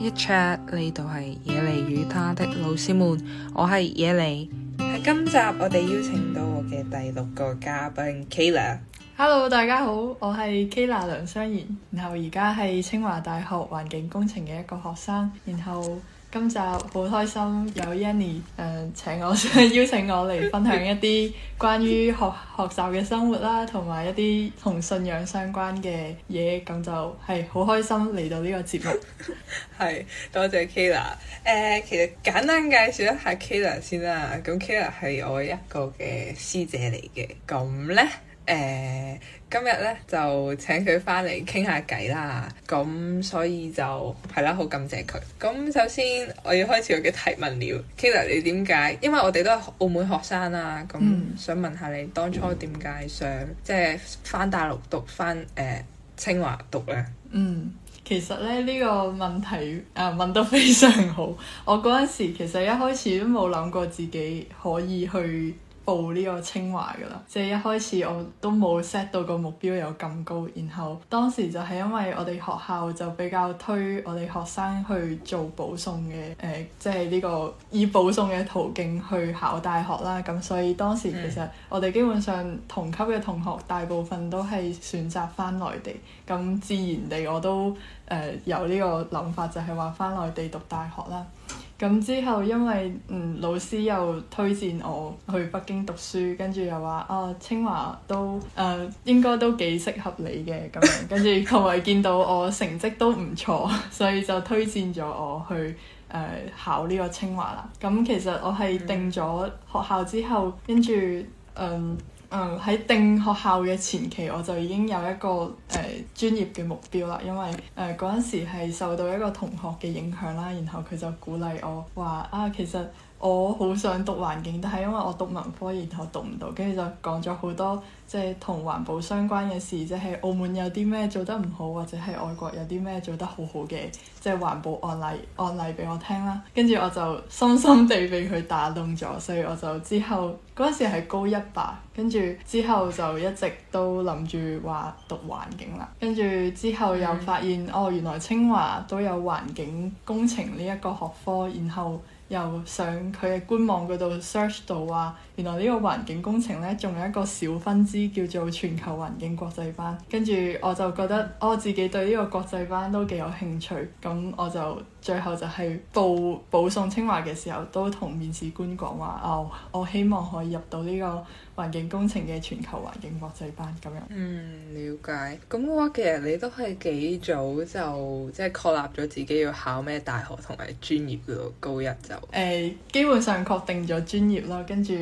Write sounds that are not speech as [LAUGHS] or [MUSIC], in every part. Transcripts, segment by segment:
一 chat 呢度，係野梨與他的老師們，我係野梨，今集我哋邀請到我嘅第六個嘉賓 Kayla。Hello，大家好，我係 Kayla 梁商言，然後而家係清華大學環境工程嘅一個學生，然後。今集好開心有 Yanni 誒、呃、請我 [LAUGHS] 邀請我嚟分享一啲關於學 [LAUGHS] 學習嘅生活啦，同埋一啲同信仰相關嘅嘢，咁就係好開心嚟到呢個節目。係 [LAUGHS] 多謝 Kayla、呃、其實簡單介紹一下 Kayla 先啦。咁 Kayla 係我一個嘅師姐嚟嘅，咁呢？誒、呃。今日咧就請佢翻嚟傾下偈啦，咁所以就係啦，好感謝佢。咁首先我要開始我嘅提問了，Kayla 你點解？因為我哋都係澳門學生啦，咁、嗯、想問下你當初點解想、嗯、即係翻大陸讀翻誒、呃、清華讀咧？嗯，其實咧呢、呢個問題啊問得非常好。我嗰陣時其實一開始都冇諗過自己可以去。報呢個清華噶啦，即係一開始我都冇 set 到個目標有咁高，然後當時就係因為我哋學校就比較推我哋學生去做保送嘅，誒、呃，即係呢個以保送嘅途徑去考大學啦。咁所以當時其實我哋基本上同級嘅同學大部分都係選擇翻內地，咁自然地我都誒有呢個諗法，就係話翻內地讀大學啦。咁之後，因為嗯老師又推薦我去北京讀書，跟住又話啊清華都誒、呃、應該都幾適合你嘅咁樣，跟住同埋見到我成績都唔錯，所以就推薦咗我去誒、呃、考呢個清華啦。咁其實我係定咗學校之後，跟住嗯。誒喺、嗯、定學校嘅前期，我就已經有一個誒、呃、專業嘅目標啦。因為誒嗰陣時係受到一個同學嘅影響啦，然後佢就鼓勵我話啊，其實。我好想讀環境，但係因為我讀文科，然後讀唔到，跟住就講咗好多即係同環保相關嘅事，即係澳門有啲咩做得唔好，或者係外國有啲咩做得好好嘅，即係環保案例案例俾我聽啦。跟住我就深深地俾佢打動咗，所以我就之後嗰陣時係高一吧，跟住之後就一直都諗住話讀環境啦。跟住之後又發現、嗯、哦，原來清華都有環境工程呢一個學科，然後。又上佢嘅官網嗰度 search 到啊！原來呢個環境工程呢，仲有一個小分支叫做全球環境國際班。跟住我就覺得、哦、我自己對呢個國際班都幾有興趣。咁我就最後就係報保送清華嘅時候，都同面試官講話：哦，我希望可以入到呢個環境工程嘅全球環境國際班咁樣。嗯，了解。咁嘅話，其實你都係幾早就即係確立咗自己要考咩大學同埋專業嘅高一就。誒、哎，基本上確定咗專業咯，跟住。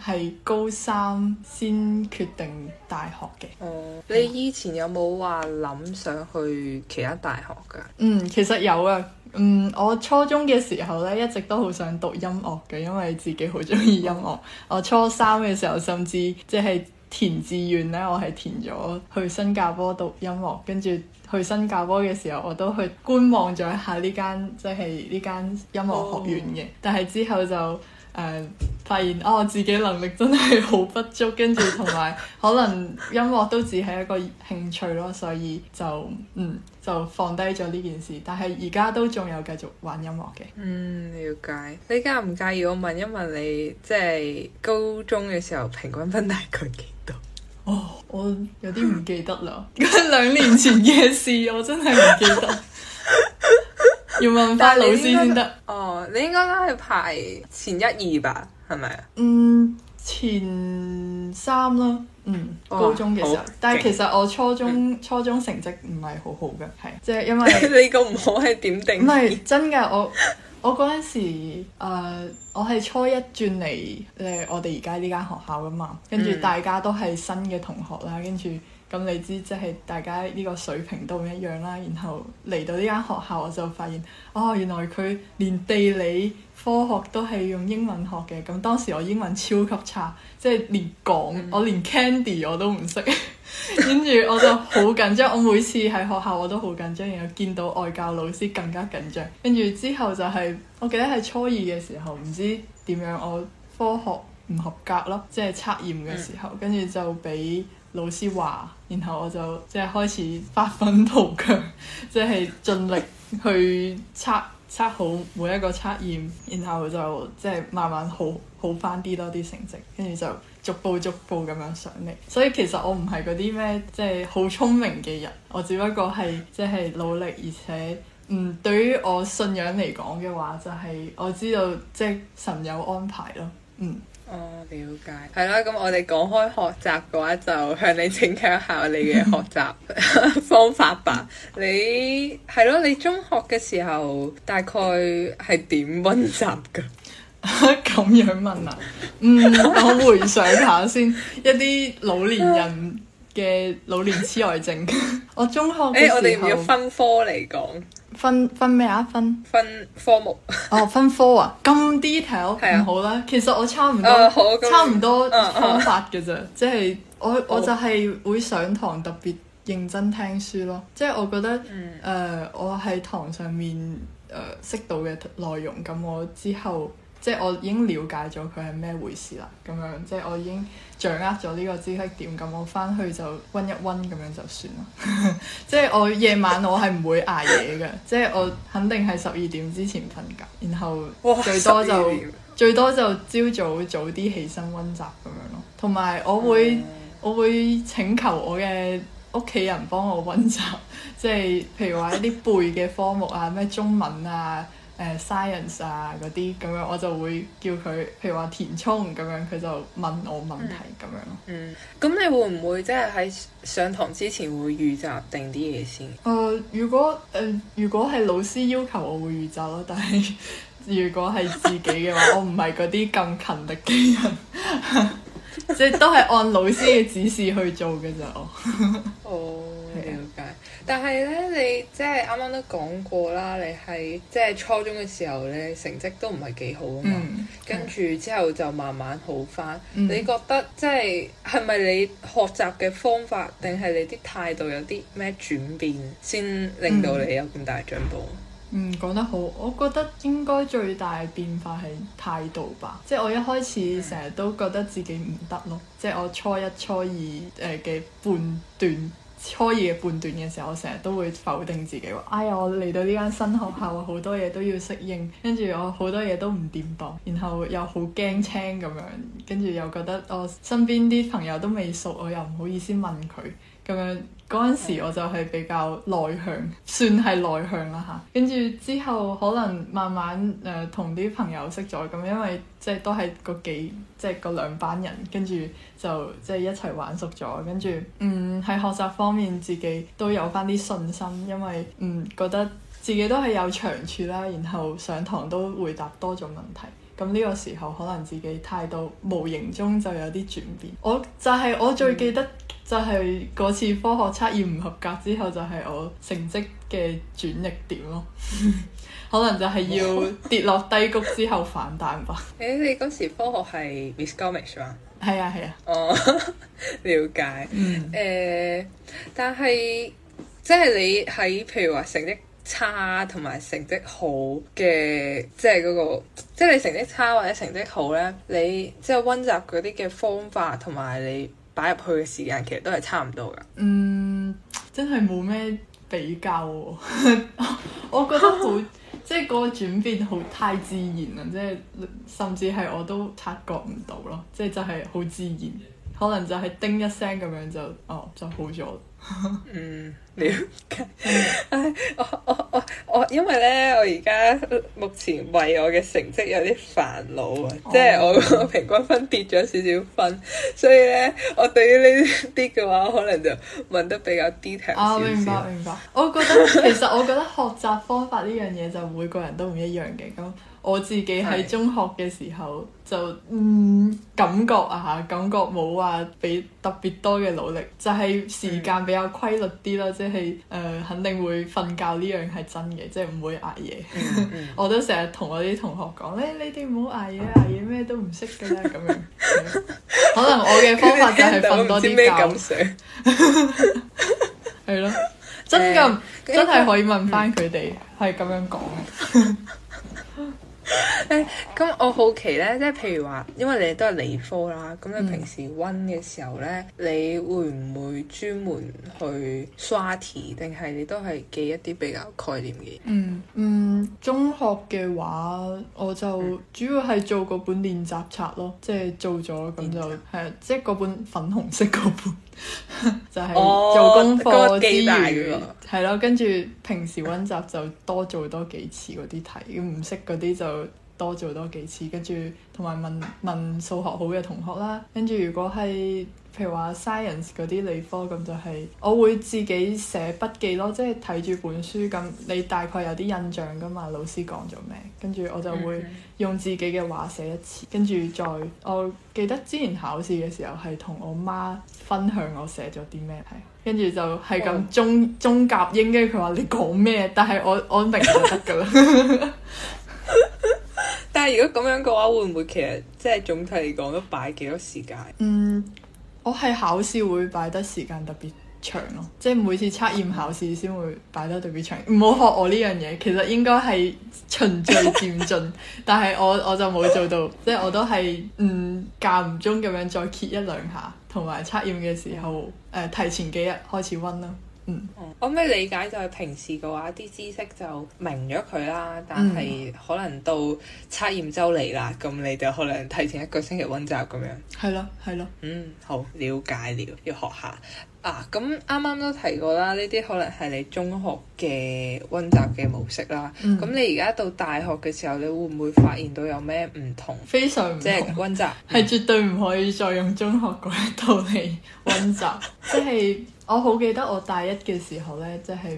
係高三先決定大學嘅。哦、嗯，你以前有冇話諗想去其他大學噶？嗯，其實有啊。嗯，我初中嘅時候咧，一直都好想讀音樂嘅，因為自己好中意音樂。 [LAUGHS] 我初三嘅時候，甚至即係填志願咧，我係填咗去新加坡讀音樂。跟住去新加坡嘅時候，我都去觀望咗一下呢間，即係呢間音樂學院嘅。 [LAUGHS] 但係之後就。誒，uh, 發現哦，自己能力真係好不足，跟住同埋可能音樂都只係一個興趣咯，所以就嗯就放低咗呢件事。但係而家都仲有繼續玩音樂嘅。嗯，了解。你介唔介意我問一問你，即係高中嘅時候平均分大概幾多？哦，我有啲唔記得啦，咁兩 [LAUGHS] [LAUGHS] 年前嘅事，我真係唔記得。 [LAUGHS] 要問返老師先得哦，你應該都係排前一,一二吧，係咪啊？嗯，前三啦。嗯，哦、高中嘅時候，但係其實我初中，嗯、初中成績唔係好好嘅，係即係因為你個唔好係點定？唔係真嘅，我我嗰陣時誒，我係、呃、初一轉嚟，誒，我哋而家呢間學校噶嘛，跟住大家都係新嘅同學啦，跟住，嗯。嗯咁你知即係大家呢個水平都唔一樣啦。然後嚟到呢間學校，我就發現哦，原來佢連地理科學都係用英文學嘅。咁當時我英文超級差，即係連講、嗯、我連 Candy 我都唔識。跟 [LAUGHS] 住我就好緊張，我每次喺學校我都好緊張，然後見到外教老師更加緊張。跟住之後就係，我記得係初二嘅時候，唔知點樣我科學唔合格咯，即係測驗嘅時候，跟住、嗯、就俾。老師話，然後我就即係、就是、開始發奮圖強，即 [LAUGHS] 係盡力去測測好每一個測驗，然後就即係、就是、慢慢好好翻啲多啲成績，跟住就逐步逐步咁樣上嚟。所以其實我唔係嗰啲咩即係好聰明嘅人，我只不過係即係努力，而且嗯，對於我信仰嚟講嘅話，就係、是、我知道即係、就是、神有安排咯，嗯。哦，oh，了解，係啦，咁我哋講開學習嘅話，就向你請教一下你嘅學習方, [LAUGHS] [LAUGHS] 方法吧。你係咯，你中學嘅時候大概係點溫習噶？咁 [LAUGHS] 樣問啊？嗯，我回想下先， [LAUGHS] 一啲老年人.。 [LAUGHS] 嘅老年痴呆症， [LAUGHS] [LAUGHS] 我中學嘅時候，誒，我哋要分科嚟講，分分咩啊？分分科目，哦，分科啊？咁 detail 唔好啦，其實我差唔多，啊、差唔多方法嘅啫，即係、啊、 [LAUGHS] 我我就係會上堂特別認真聽書咯，即、就、係、是、我覺得誒、嗯呃，我喺堂上面誒識、呃、到嘅內容，咁我之後。即係我已經了解咗佢係咩回事啦，咁樣即係我已經掌握咗呢個知識點，咁我翻去就温一温咁樣就算啦。 [LAUGHS] 即係我，晚我夜晚我係唔會捱夜嘅， [LAUGHS] 即係我肯定係十二點之前瞓覺，然後哇最多就秒最多就朝早早啲起身温習咁樣咯。同埋我會、嗯、我會請求我嘅屋企人幫我温習，即係譬如話一啲背嘅科目啊，咩中文啊。誒、uh, science 啊嗰啲咁樣，我就會叫佢，譬如話填充咁樣，佢就問我問題咁樣咯。嗯，咁樣、嗯、你會唔會即係喺上堂之前會預習定啲嘢先？誒、呃，如果誒、呃、如果係老師要求，我會預習咯。但係 [LAUGHS] 如果係自己嘅話，我唔係嗰啲咁勤力嘅人，即 [LAUGHS] 係 [LAUGHS] [LAUGHS] 都係按老師嘅指示去做嘅啫。哦，瞭解。但係咧，你即係啱啱都講過啦，你係即係初中嘅時候你成績都唔係幾好啊嘛。嗯、跟住之後就慢慢好翻。嗯、你覺得即係係咪你學習嘅方法定係你啲態度有啲咩轉變先令到你有咁大進步、嗯？嗯，講得好，我覺得應該最大嘅變化係態度吧。即係、嗯、我一開始成日都覺得自己唔得咯。即係、嗯、我初一、初二誒嘅半段。初二嘅半段嘅時候，我成日都會否定自己，話，哎呀，我嚟到呢間新學校，好多嘢都要適應，跟住我好多嘢都唔掂當，然後又好驚青咁樣，跟住又覺得我身邊啲朋友都未熟，我又唔好意思問佢咁樣。嗰陣時我就係比較內向，算係內向啦嚇。跟住之後可能慢慢誒同啲朋友識咗咁，因為即係都係嗰幾即係嗰兩班人，跟住就即係一齊玩熟咗。跟住嗯喺學習方面自己都有返啲信心，因為嗯覺得自己都係有長處啦。然後上堂都回答多咗問題。咁呢個時候可能自己態度無形中就有啲轉變，我就係我最記得就係嗰次科學測驗唔合格之後，就係我成績嘅轉捩點咯， [LAUGHS] 可能就係要跌落低谷之後反彈吧。誒、 [LAUGHS] 欸，你嗰時科學係 miss gomez 嘛？係啊係啊。哦、啊， [LAUGHS] 了解。嗯。呃、但係即係你喺譬如話成績。差同埋成績好嘅，即係嗰個，即係你成績差或者成績好咧，你即係溫習嗰啲嘅方法同埋你擺入去嘅時間，其實都係差唔多噶。嗯，真係冇咩比較啊。 [LAUGHS] 我覺得好， [LAUGHS] 即係嗰個轉變好太自然啦，即係甚至係我都察覺唔到咯，即係就係好自然，可能就係叮一聲咁樣就，哦，就好咗。 [LAUGHS] 嗯，了解。唉、 [LAUGHS] [LAUGHS] 哎，我我我我,我，因為咧，我而家目前為我嘅成績有啲煩惱啊，即係、oh. 我平均分跌咗少少分，所以咧，我對於呢啲嘅話，可能就問得比較 detail 少少。哦，oh, 明白明白。我覺得其實我覺得學習方法呢樣嘢就每個人都唔一樣嘅咁。 [LAUGHS] [LAUGHS] 我自己喺中學嘅時候就嗯感,感覺啊感覺冇話俾特別多嘅努力，的就係時間比較規律啲咯，即係誒肯定會瞓覺呢樣係真嘅，即係唔會捱夜。 [LAUGHS] [LAUGHS] 我都成日同我啲同學講咧你哋唔好捱夜，捱夜咩都唔識嘅啦咁樣。可能 [LAUGHS] [LAUGHS] 我嘅方法就係瞓多啲覺。咩感想？係咯，真噶，eh，真係可以問翻佢哋係咁樣講。 [LAUGHS] 誒，咁我好奇咧，即係譬如話，因為你都係理科啦，咁你平時温嘅時候咧，你會唔會專門去刷題，定係你都係記一啲比較概念嘅？嗯嗯，中學嘅話，我就主要係做嗰本練習冊咯，即係做咗咁就係練習、 [LAUGHS] 嗯、即係嗰練習、 [LAUGHS] 嗯、本粉紅色嗰本。 [LAUGHS] [LAUGHS] 就係做功課之餘，係咯、哦那個，跟住平時溫習就多做多幾次嗰啲題，要唔識嗰啲就多做多幾次，跟住同埋問問數學好嘅同學啦。跟住如果係譬如話 science 嗰啲理科咁就係，我會自己寫筆記咯，即係睇住本書咁，你大概有啲印象噶嘛，老師講咗咩，跟住我就會。嗯用自己嘅話寫一次，跟住再，我記得之前考試嘅時候係同我媽分享我寫咗啲咩，係跟住就係咁中、哦、中夾英，跟住佢話你講咩，但係我我明 [LAUGHS] 就得噶啦。但係如果咁樣嘅話，會唔會其實即係總體嚟講都擺幾多時間？嗯，我係考試會擺得時間特別長咯，哦，即係每次測驗考試先會擺得對比長，唔好學我呢樣嘢。其實應該係循序漸進， [LAUGHS] 但係我我就冇做到，即係我都係嗯間唔中咁樣再揭一兩下，同埋測驗嘅時候誒、呃、提前幾日開始温啦。嗯，我咩理解就係、是、平時嘅話，啲知識就明咗佢啦，但係可能到測驗周嚟啦，咁、嗯、你就可能提前一個星期溫習咁樣。係咯，係咯。嗯，好，了解了，要學下啊。咁啱啱都提過啦，呢啲可能係你中學嘅溫習嘅模式啦。咁、嗯、你而家到大學嘅時候，你會唔會發現到有咩唔同？非常即係溫習，係、嗯、絕對唔可以再用中學嗰一套嚟溫習，即係、 [LAUGHS] 就是。我好記得我大一嘅時候呢，即係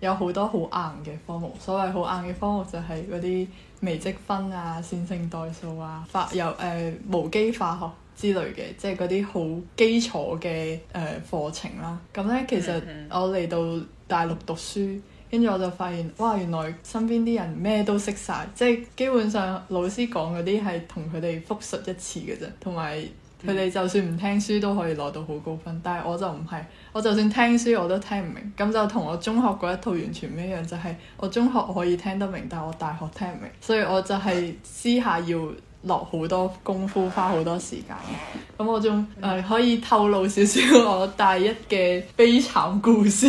有好多好硬嘅科目。嗯、所謂好硬嘅科目就係嗰啲微積分啊、線性代數啊、化有誒無機化學之類嘅，即係嗰啲好基礎嘅誒課程啦。咁呢，其實我嚟到大陸讀書，跟住我就發現，哇！原來身邊啲人咩都識晒。即係基本上老師講嗰啲係同佢哋複述一次嘅啫。同埋佢哋就算唔聽書都可以攞到好高分，嗯、但係我就唔係。我就算聽書我都聽唔明，咁就同我中學嗰一套完全唔一樣，就係我中學可以聽得明，但係我大學聽唔明，所以我就係私下要。落好多功夫，花好多時間。咁我仲誒、呃、可以透露少少我大一嘅悲慘故事。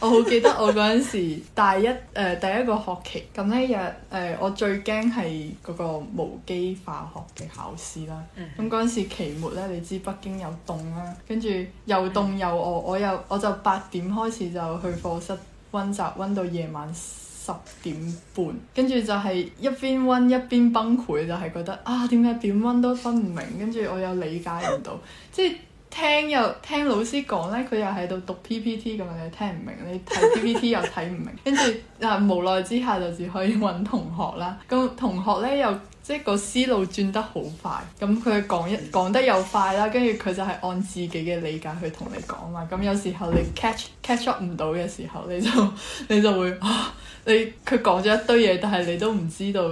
我好記得我嗰陣時大一誒、 [LAUGHS] 呃、第一個學期，咁呢日誒我最驚係嗰個無機化學嘅考試啦。咁嗰陣時期末呢，你知北京有、啊、又凍啦，跟住又凍又餓，我又我就八點開始就去課室温習，温到夜晚。十點半，跟住就係一邊温一邊崩潰，就係覺得啊，點解點温都分唔明，跟住我又理解唔到，即係。聽又聽老師講咧，佢又喺度讀 PPT 咁樣，你聽唔明；你睇 PPT 又睇唔明。跟住啊無奈之下就只可以搵同學啦。咁同學咧又即係個思路轉得好快，咁佢講一講得又快啦。跟住佢就係按自己嘅理解去同你講嘛。咁有時候你 catch catch up 唔到嘅時候，你就你就會啊，你佢講咗一堆嘢，但係你都唔知道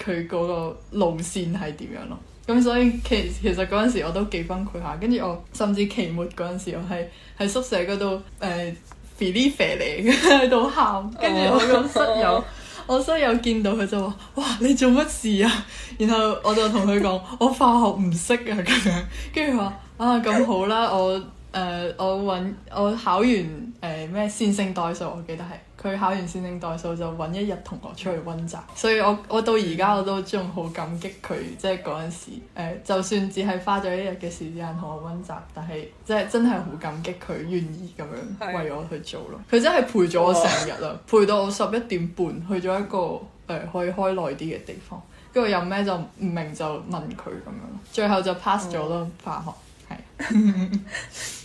佢嗰個路線係點樣咯。咁所以其其實嗰陣時我都幾崩潰下，跟住我甚至期末嗰陣時，我係喺宿舍嗰度誒，feel very 嚟喺度喊，跟、呃、住 [LAUGHS] [LAUGHS] 我個室友， [LAUGHS] 我室友見到佢就話：哇，你做乜事啊？然後我就同佢講： [LAUGHS] 我化學唔識啊咁樣，跟住話啊，咁好啦，我。誒、呃，我揾我考完誒咩線性代數，我記得係佢考完線性代數就揾一日同學出去溫習，所以我我到而家我都仲好感激佢，即係嗰陣時、呃、就算只係花咗一日嘅時間同我溫習，但係即係真係好感激佢願意咁樣為我去做咯。佢是真係陪咗我成日啦，哦、 [LAUGHS] 陪到我十一點半去咗一個誒、呃、可以開耐啲嘅地方，跟住有咩就唔明就問佢咁樣，最後就 pass 咗咯、嗯、化學，係。 [LAUGHS]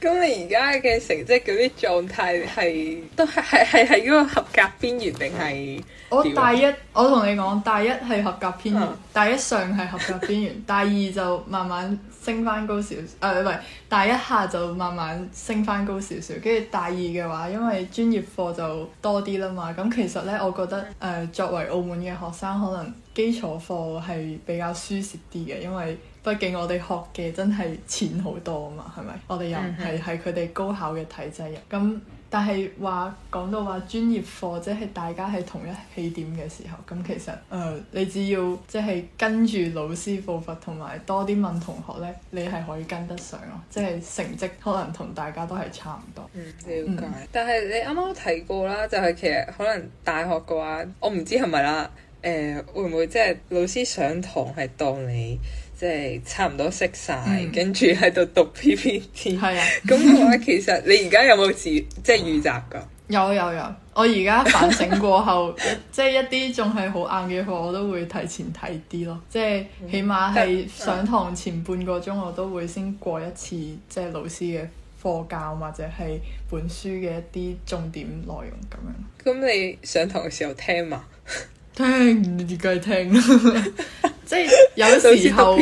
咁 [LAUGHS] 你而家嘅成績嗰啲狀態係都係係係喺嗰個合格邊緣定係？我大一我同你講大一係合格邊緣，大一上係合格邊緣，大二就慢慢升翻高少，誒唔係大一下就慢慢升翻高少少，跟住大二嘅話，因為專業課就多啲啦嘛，咁其實呢，我覺得誒、呃、作為澳門嘅學生，可能基礎課係比較舒適啲嘅，因為。畢竟我哋學嘅真係淺好多啊嘛，係咪？我哋又唔係係佢哋高考嘅體制入咁，但係話講到話專業課，即係大家係同一起點嘅時候咁，其實誒、呃、你只要即係跟住老師步伐，同埋多啲問同學呢，你係可以跟得上咯。即係成績可能同大家都係差唔多。嗯，了解。嗯、但係你啱啱提過啦，就係、是、其實可能大學嘅話，我唔知係咪啦。誒、呃，會唔會即係老師上堂係當你？即係差唔多識晒，跟住喺度讀 PPT。係啊，咁嘅話其實你而家有冇自即係預習㗎？ [LAUGHS] 有有有，我而家反省過後， [LAUGHS] 即係一啲仲係好晏嘅課，我都會提前睇啲咯。即係起碼係上堂前半個鐘，我都會先過一次 [LAUGHS] 即係老師嘅課教或者係本書嘅一啲重點內容咁樣。咁你上堂嘅時候聽嘛？ [LAUGHS] 聽你梗係聽，聽 [LAUGHS] 即係有時候，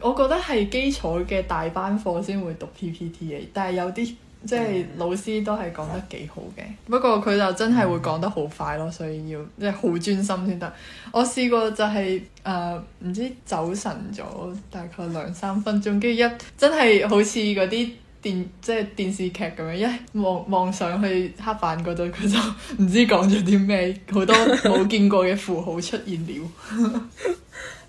我覺得係基礎嘅大班課先會讀 PPT 嘅，但係有啲即係老師都係講得幾好嘅，嗯、不過佢就真係會講得好快咯，嗯、所以要即係好專心先得。我試過就係誒唔知走神咗，大概兩三分鐘，跟住一真係好似嗰啲。電即係電視劇咁樣，一望望上去黑板嗰度，佢就唔知講咗啲咩，好多冇見過嘅符號出現了。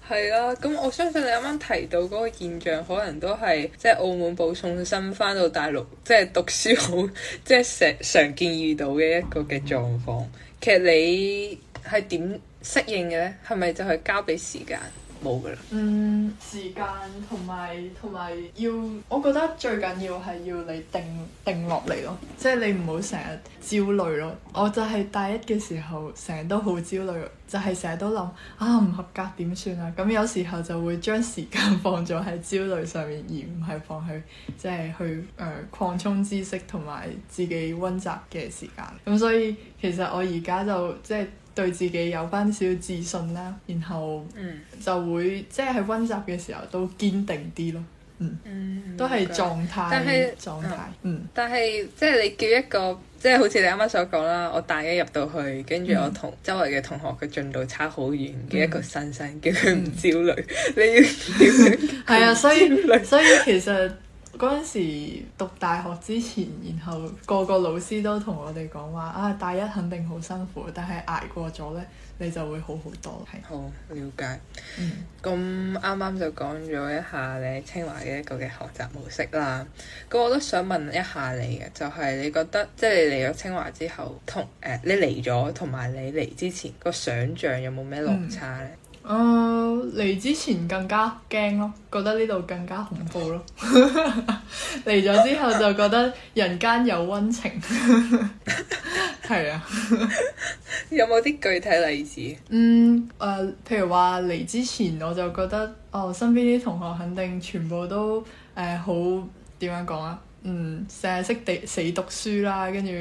係 [LAUGHS] 啊。咁我相信你啱啱提到嗰個現象，可能都係即係澳門保送生翻到大陸，即係讀書好，即係常常見遇到嘅一個嘅狀況。其實你係點適應嘅咧？係咪就係交俾時間？冇噶啦。嗯，時間同埋同埋要，我覺得最緊要係要你定定落嚟咯。即係你唔好成日焦慮咯。我就係大一嘅時候，成日都好焦慮，就係成日都諗啊唔合格點算啊？咁有時候就會將時間放咗喺焦慮上面，而唔係放去即係、就是、去誒、呃、擴充知識同埋自己温習嘅時間。咁所以其實我而家就即係。對自己有翻少少自信啦，然後就會、嗯、即係喺溫習嘅時候都堅定啲咯。嗯，嗯嗯都係狀態。但係是狀態，嗯，嗯但係即係你叫一個，即係好似你啱啱所講啦，我大一入到去，跟住我同周圍嘅同學嘅進度差好遠嘅一個新生，嗯、叫佢唔焦慮，嗯、 [LAUGHS] 你要點係 [LAUGHS] 啊，所以所以，所以其實。嗰陣時讀大學之前，然後個個老師都同我哋講話啊，大一肯定好辛苦，但係捱過咗呢，你就會好好多。係。好，了解。咁啱啱就講咗一下你清華嘅一個嘅學習模式啦。咁我都想問一下你嘅，就係、是、你覺得即係你嚟咗清華之後，同誒、呃、你嚟咗同埋你嚟之前個想像有冇咩落差呢？嗯嗯，嚟、uh, 之前更加驚咯，覺得呢度更加恐怖咯。嚟 [LAUGHS] 咗之後就覺得人間有溫情，係 [LAUGHS] [LAUGHS] 是啊。 [LAUGHS] 有冇啲具體例子？嗯，誒、呃，譬如話嚟之前我就覺得，哦，身邊啲同學肯定全部都誒、呃、好，點樣講啊？嗯，成日識地死讀書啦，跟住。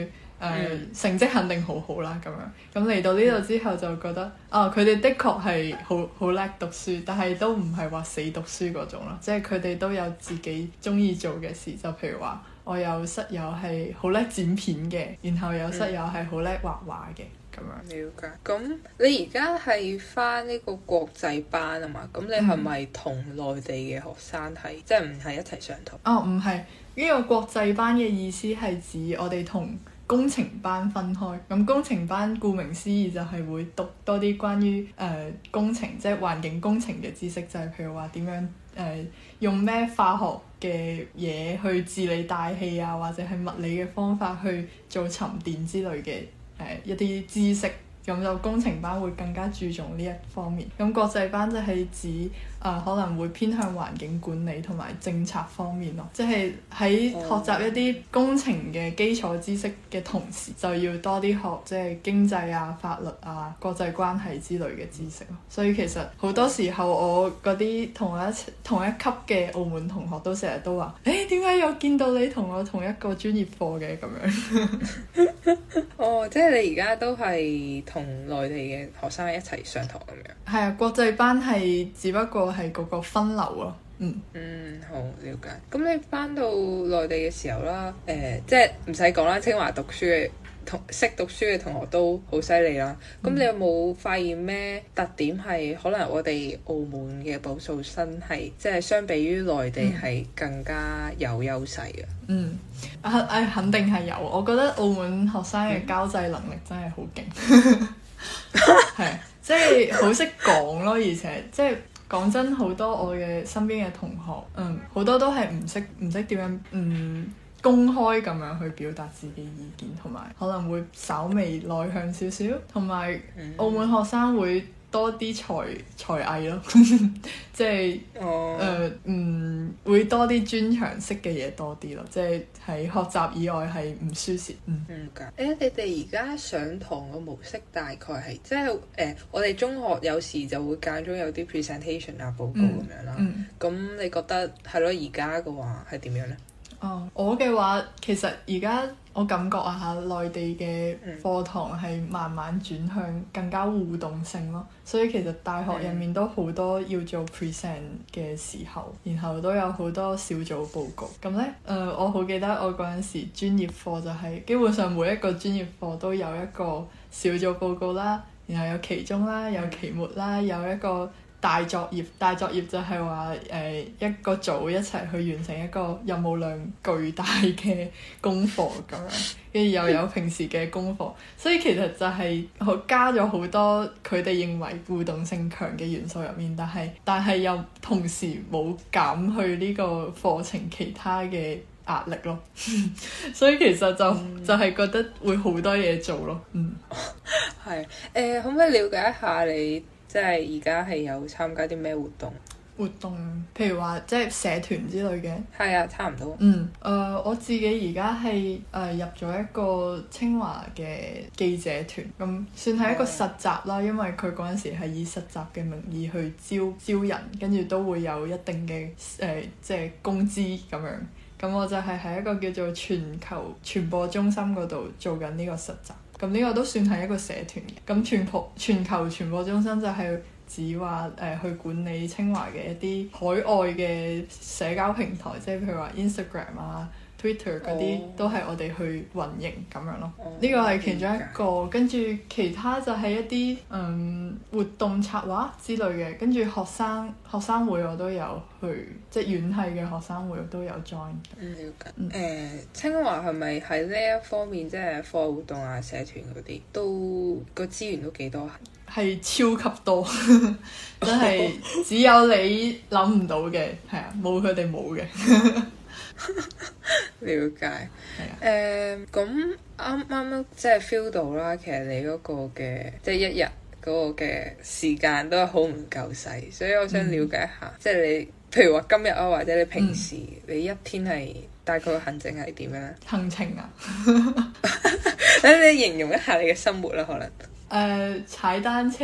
誒、嗯、成績肯定好好啦，咁樣咁嚟到呢度之後就覺得啊，佢哋、嗯哦、的確係好好叻讀書，但係都唔係話死讀書嗰種咯，即係佢哋都有自己中意做嘅事。就譬如話，我有室友係好叻剪片嘅，然後有室友係好叻畫畫嘅咁樣。了解。咁你而家係返呢個國際班啊嘛？咁你係咪同內地嘅學生係即係唔係一齊上堂？哦，唔係呢個國際班嘅意思係指我哋同。工程班分開，咁工程班顧名思義就係會讀多啲關於誒、呃、工程，即、就、係、是、環境工程嘅知識，就係、是、譬如話點樣誒、呃、用咩化學嘅嘢去治理大氣啊，或者係物理嘅方法去做沉澱之類嘅誒、呃、一啲知識，咁就工程班會更加注重呢一方面。咁國際班就係指。啊，可能會偏向環境管理同埋政策方面咯，即係喺學習一啲工程嘅基礎知識嘅同時，嗯、就要多啲學即係經濟啊、法律啊、國際關係之類嘅知識咯。所以其實好多時候，我嗰啲同一同一級嘅澳門同學都成日都話，誒點解又見到你同我同一個專業課嘅咁樣哦？ [LAUGHS] 哦，即係你而家都係同內地嘅學生一齊上堂咁樣？係啊，國際班係只不過。係嗰個分流咯，嗯嗯，好，了解。咁你翻到內地嘅時候啦，誒、呃，即係唔使講啦，清華讀書嘅同識讀書嘅同學都好犀利啦。咁、嗯、你有冇發現咩特點係可能我哋澳門嘅保送生係即係相比於內地係更加有優勢嘅？嗯，誒、啊啊，肯定係有。我覺得澳門學生嘅交際能力真係好勁，係即係好識講咯，而且即係。即講真，好多我嘅身邊嘅同學，嗯，好多都係唔識唔識點樣，嗯，公開咁樣去表達自己意見，同埋可能會稍微內向少少，同埋澳門學生會。多啲才才藝咯 [LAUGHS] 即是，即係誒嗯，會多啲專長式嘅嘢多啲咯，即係喺學習以外係唔輸蝕，嗯，嗯。嗯，咁、欸、你哋而家上堂嘅模式大概係即係誒、呃，我哋中學有時就會間中有啲 presentation 啊報告咁樣啦。咁、嗯嗯、你覺得係咯？而家嘅話係點樣咧？Oh. 我嘅話其實而家我感覺下內地嘅課堂係慢慢轉向更加互動性咯，所以其實大學入面都好多要做 present 嘅時候，然後都有好多小組報告。咁呢，誒、呃，我好記得我嗰陣時專業課就係、是、基本上每一個專業課都有一個小組報告啦，然後有期中啦，有期末啦，有一個。大作業，大作業就係話誒一個組一齊去完成一個任務量巨大嘅功課咁樣，跟住 [LAUGHS] 又有平時嘅功課，所以其實就係我加咗好多佢哋認為互動性強嘅元素入面，但係但係又同時冇減去呢個課程其他嘅壓力咯， [LAUGHS] 所以其實就、嗯、就係覺得會好多嘢做咯，嗯，係誒、呃，可唔可以了解一下你？即係而家係有參加啲咩活動？活動，譬如話即係社團之類嘅。係啊，差唔多。嗯，誒、呃、我自己而家係誒入咗一個清華嘅記者團，咁算係一個實習啦。嗯、因為佢嗰陣時係以實習嘅名義去招招人，跟住都會有一定嘅誒、呃、即係工資咁樣。咁我就係喺一個叫做全球傳播中心嗰度做緊呢個實習。咁呢個都算係一個社團嘅，咁全球全球傳播中心就係指話誒、呃、去管理清華嘅一啲海外嘅社交平台，即係譬如話 Instagram 啊。Twitter 嗰啲、oh. 都係我哋去運營咁樣咯，呢個係其中一個。Oh. 跟住其他就係一啲嗯活動策劃之類嘅，跟住學生學生會我都有去，即係院系嘅學生會我都有 join。唔瞭解、嗯 uh, 清華係咪喺呢一方面即係課活動啊、社團嗰啲都個資源都幾多？係超級多， [LAUGHS] 真係只有你諗唔到嘅，係啊、oh.，冇佢哋冇嘅。 [LAUGHS] 了解，誒、嗯，咁啱啱即係 feel 到啦。其實你嗰個嘅，即、就、係、是、一日嗰個嘅時間都係好唔夠使，所以我想了解一下，即係、嗯、你，譬如話今日啊，或者你平時、嗯、你一天係大概行程係點樣咧？行程啊， [LAUGHS] [LAUGHS] 你形容一下你嘅生活啦，可能。誒，踩、uh, 單車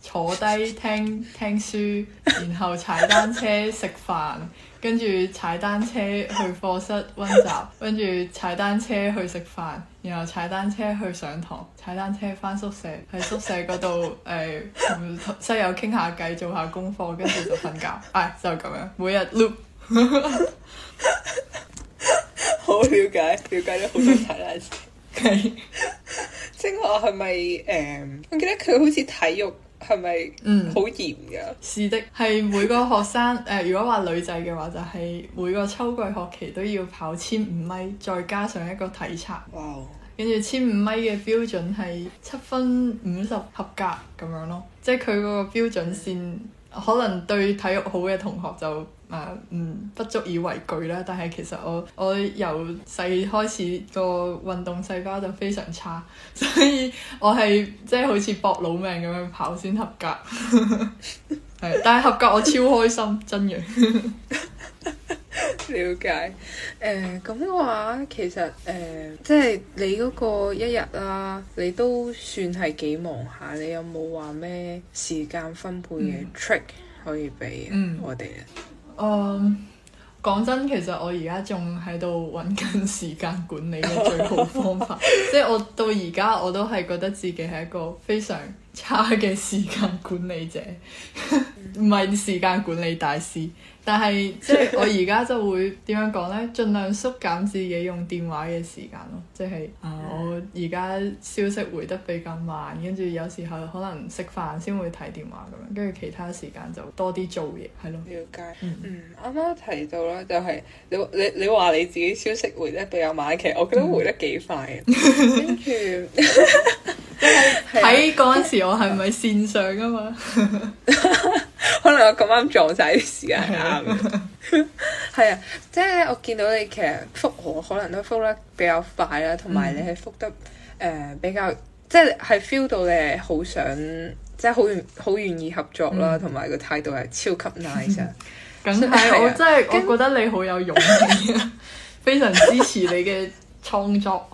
坐低聽聽書，然後踩單車食飯，跟住踩單車去課室温習，跟住踩單車去食飯，然後踩單車去上堂，踩單車翻宿舍，喺宿舍嗰度誒，同、呃、室友傾下偈，做下功課，跟住就瞓覺。哎，就咁樣，每日碌。好了解，了解咗好多踩單車 [LAUGHS] 清華係咪誒？我記得佢好似體育係咪，嗯，好嚴噶？是的，係每個學生誒、呃，如果女話女仔嘅話，就係每個秋季學期都要跑千五米，再加上一個體測。哇！跟住千五米嘅標準係七分五十合格咁樣咯，即係佢嗰個標準線，可能對體育好嘅同學就。誒、嗯，不足以為據啦。但係其實我我由細開始個運動細胞就非常差，所以我係即係好似搏老命咁樣跑先合格。 [LAUGHS] 但係合格我超開心， [LAUGHS] 真嘅。了解。誒、呃，咁嘅話，其實誒、呃，即係你嗰個一日啊，你都算係幾忙下。你有冇話咩時間分配嘅 trick 可以俾我哋啊？嗯嗯嗯，講、uh, 真，其實我而家仲喺度揾緊時間管理嘅最好方法， [LAUGHS] [LAUGHS] 即係我到而家我都係覺得自己係一個非常差嘅時間管理者，唔 [LAUGHS] 係時間管理大師。但係即係我而家就會點樣講呢？盡量縮減自己用電話嘅時間咯，即係啊我而家消息回得比較慢，跟住有時候可能食飯先會睇電話咁樣，跟住其他時間就多啲做嘢，係咯。了解。嗯，啱啱、嗯、提到啦，就係、是、你你你話你自己消息回得比較慢，其實我覺得回得幾快嘅，跟住喺喺嗰陣時我係咪線上噶嘛？ [LAUGHS] 可能我咁啱撞曬啲時間，係 [LAUGHS] [LAUGHS] 啊，即係我見到你其實復我可能都覆得比較快啦，同埋你係覆得誒、呃、比較即係 feel 到你好想即係好好願意合作啦，同埋個態度係超級 nice [LAUGHS] 是。但係、啊、我真係我覺得你好有勇氣， [LAUGHS] 非常支持你嘅創作。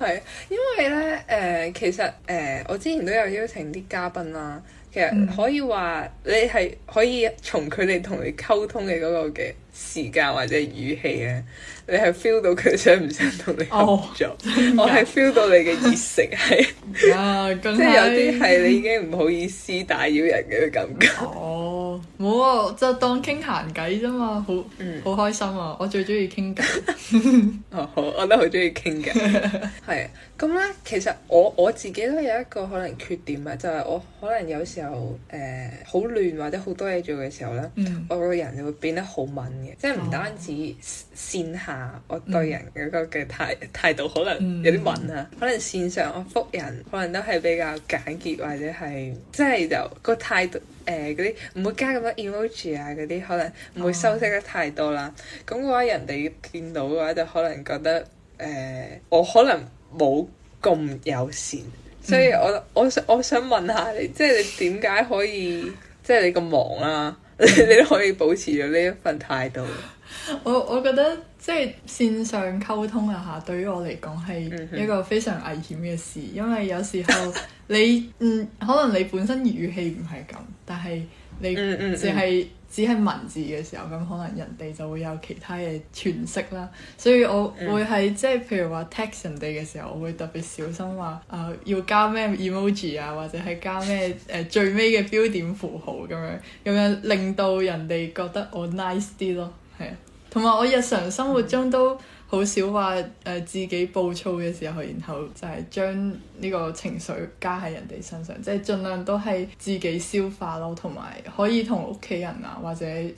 係、 [LAUGHS] 啊，因為咧誒、呃，其實誒、呃，我之前都有邀請啲嘉賓啦。其實可以話，你係可以從佢哋同你溝通嘅嗰個嘅時間或者語氣咧，你係 feel 到佢想唔想同你合作？哦、我係 feel 到你嘅熱誠係 [LAUGHS] 啊，即係 [LAUGHS] 有啲係你已經唔好意思打擾人嘅感覺 [LAUGHS] 。哦，冇啊，就當傾閒偈啫嘛，好、嗯、好開心啊！我最中意傾偈。 [LAUGHS] 哦，好，我都好中意傾偈。係 [LAUGHS] 啊， [LAUGHS] 咁咧其實我我自己都有一個可能缺點啊，就係、是、我可能有時候誒好、呃、亂或者好多嘢做嘅時候咧，嗯、我個人就會變得好敏。即係唔單止線下，我對人個嘅態態度、嗯、可能有啲敏啊、嗯嗯可，可能線上我覆人可能都係比較簡潔或者係，即係就、嗰個態度誒嗰啲唔會加咁多 emoji 啊嗰啲，可能唔會修飾得太多啦。咁、哦、話人哋見到嘅話就可能覺得誒、呃，我可能冇咁友善。嗯、所以我我我想，我想問下你，即係你點解可以，即係你咁忙啊？ [LAUGHS] 你你都可以保持咗呢一份態度。我我覺得即係線上溝通啊嚇，對於我嚟講係一個非常危險嘅事，因為有時候你 [LAUGHS] 嗯可能你本身語氣唔係咁，但係，你淨係只係文字嘅時候，咁可能人哋就會有其他嘅詮釋啦。嗯、所以我會係即係譬如話 text 人哋嘅時候，我會特別小心話啊、呃，要加咩 emoji 啊，或者係加咩誒、 [LAUGHS] 呃、最尾嘅標點符號咁樣，咁樣令到人哋覺得我 nice 啲咯。係啊，同埋我日常生活中都、嗯。好少話誒自己暴躁嘅時候，然後就係將呢個情緒加喺人哋身上，即係盡量都係自己消化咯，同埋可以同屋企人啊或者誒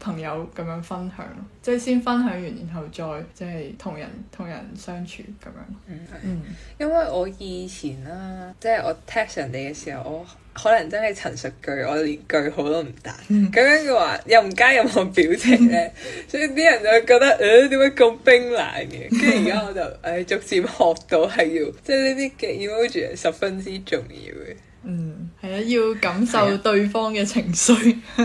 朋友咁樣分享。即先分享完，然後再即係同人同人相處咁樣。嗯，因為我以前啦，即係我 text 人哋嘅時候，我可能真係陳述句，我連句號都唔打，咁、嗯、樣嘅話又唔加任何表情咧， [LAUGHS] 所以啲人就會覺得，嗯、呃，點解咁冰冷嘅？跟住而家我就，誒、哎，逐漸學到係要，即、就、係、是、呢啲嘅 emoji 十分之重要嘅。嗯，係啊，要感受對方嘅情緒，係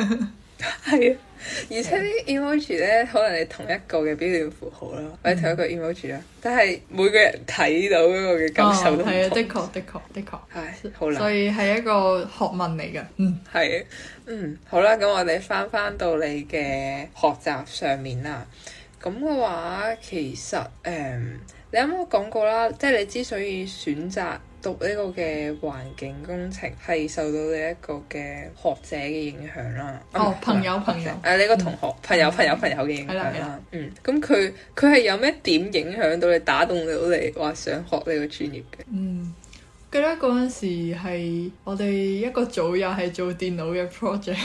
啊的。 [LAUGHS] 而且呢啲 emoji 咧，可能你同一個嘅標點符號啦，嗯、或者同一個 emoji 啦，但係每個人睇到嗰個嘅感受都係啊、哦，的確的確的確係好難，所以係一個學問嚟㗎。嗯，係嗯好啦，咁我哋翻翻到你嘅學習上面啦。咁嘅話，其實誒、嗯，你有冇講過啦？即係你之所以選擇。讀呢個嘅環境工程係受到你一個嘅學者嘅影響啦，哦唔係朋友朋友，誒你，啊這個同學、嗯、朋友朋友朋友嘅影響啦，嗯咁佢佢係有咩點影響到你打動到你話想學呢個專業嘅？嗯，記得嗰陣時係我哋一個組又係做電腦嘅 project